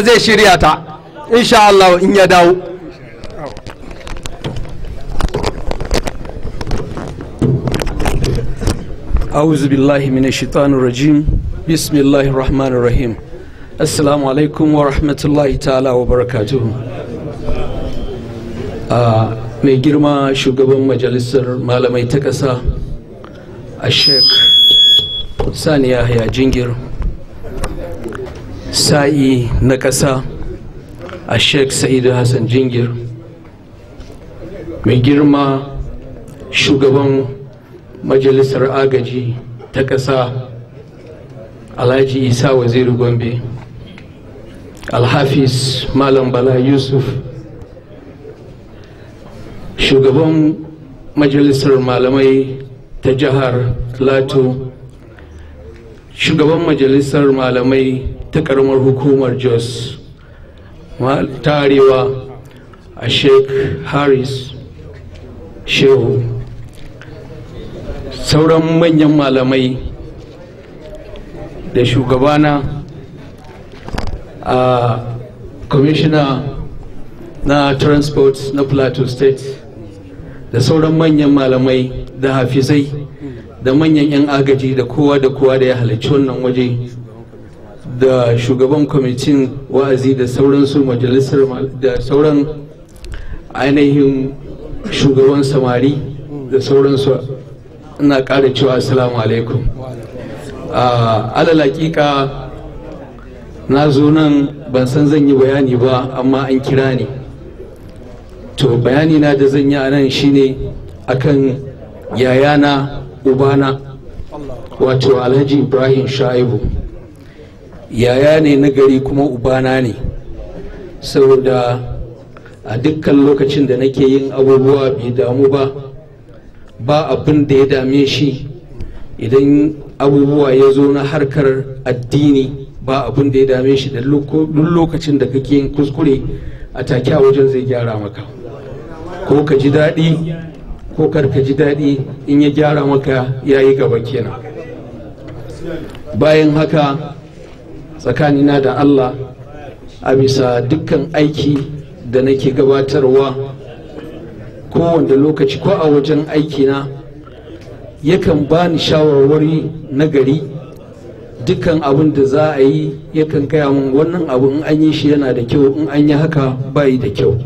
Allah zai shirya ta insha Allah in ya dawo أعوذ بالله من الشيطان الرجيم بسم الله الرحمن الرحيم السلام عليكم ورحمة الله تعالى وبركاته mai girma shugaban majalisar malamai ta ƙasa a sheik sani yahya jingir sa'i na ƙasa a sheikh sa'idu hassan jingir mai girma shugaban majalisar agaji ta ƙasa alhaji isa waziri gombe Alhafis malam bala yusuf shugaban majalisar malamai ta jihar Lato shugaban majalisar malamai ta karamar hukumar jos ta arewa a sheikh harris shehu sauran manyan malamai da shugabana a kwamishina na transport na plateau state da sauran manyan malamai da hafizai da manyan 'yan agaji da kowa da kowa da ya halarci wannan waje da shugaban kwamitin wa'azi da sauransu majalisar da sauran ainihin shugaban samari da sauransu ina ƙara cewa assalamu alaikum A na zo nan ban san zan yi bayani ba amma an kira ni to bayani na da zan yi a nan shine akan yayana ubana wato alhaji ibrahim sha'ibu yaya ne nagari kuma ubana ne saboda a dukkan lokacin da nake yin abubuwa bai damu ba ba abin da ya dame shi idan abubuwa ya zo na harkar addini ba abin da ya dame shi da duk lokacin da kake yin kuskure a take a wajen zai gyara maka ko ka ji daɗi ko karka ji daɗi in ya gyara maka ya yi gaba kenan bayan haka tsakanina da Allah a bisa dukkan aiki da nake gabatarwa kowanne lokaci ko a wajen aikina yakan ba ni shawarwari na gari dukkan abin da za a yi yakan gaya min wannan abu in an yi shi yana da kyau in an yi haka bayi da kyau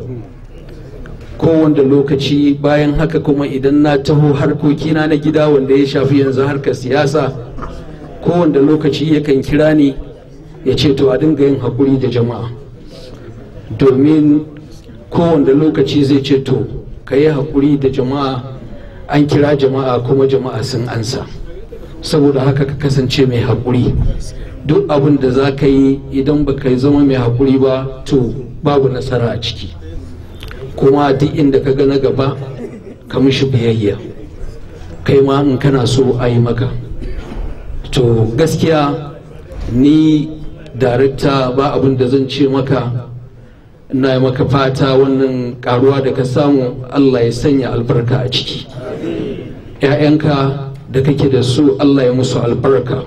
kowanne lokaci bayan haka kuma idan na taho harkokina na gida wanda ya shafi yanzu harkar siyasa kowanne lokaci yakan kira ni ya ce to a dinga yin haƙuri da jama'a domin kowanne lokaci zai ce to ka yi haƙuri da jama'a an kira jama'a kuma jama'a sun ansa saboda haka ka kasance mai haƙuri duk abin da za ka yi idan ba ka zama mai haƙuri ba to babu nasara a ciki kuma duk inda ka ga na gaba ka mishi biyayya kai ma in kana so a yi maka to gaskiya ni darakta ba abin da zan ce maka na maka fata wannan karuwa da ka samu allah ya sanya albarka a ciki 'ya'yanka da kake da su allah ya musu albarka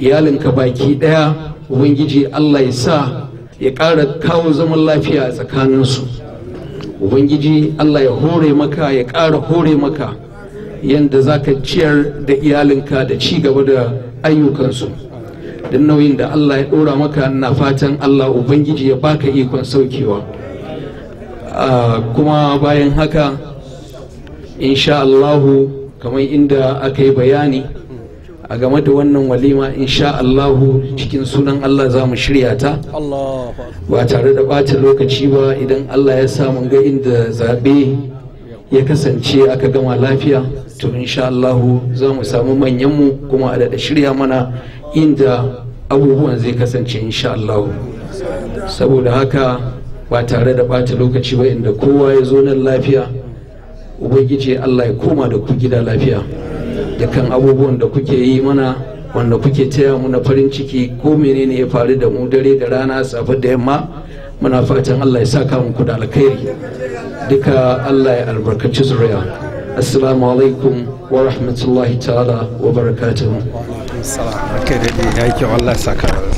iyalinka baki ɗaya, ubangiji allah ya sa ya ƙara kawo zaman lafiya a tsakaninsu ubangiji allah ya hore maka ya ƙara hore maka yadda za ka ciyar da iyalinka da ci gaba da ayyukansu Don nauyin da Allah ya ɗora maka na fatan Allah Ubangiji ya baka ikon saukewa ah, kuma bayan haka insha Allahu kamar inda aka yi bayani a game da wannan walima insha Allahu cikin sunan Allah za mu shirya ta ba tare da ɓata lokaci ba idan Allah ya sa ga inda zaɓe ya kasance aka gama lafiya to insha Allahu za mu samu manyanmu kuma a da shirya mana inda abubuwan zai kasance insha Allahu saboda haka ba tare da bata lokaci ba inda kowa ya zo nan lafiya ubangiji Allah ya koma da ku gida lafiya dukkan abubuwan da kuke yi mana wanda kuke taya mu na farin ciki ko menene ya faru da mu dare da rana safe da yamma muna fatan Allah ya saka muku da alkhairi duka Allah ya albarkaci zuriya assalamu alaikum wa rahmatullahi ta'ala wa barakatuhu assalamu alaikum Allah ya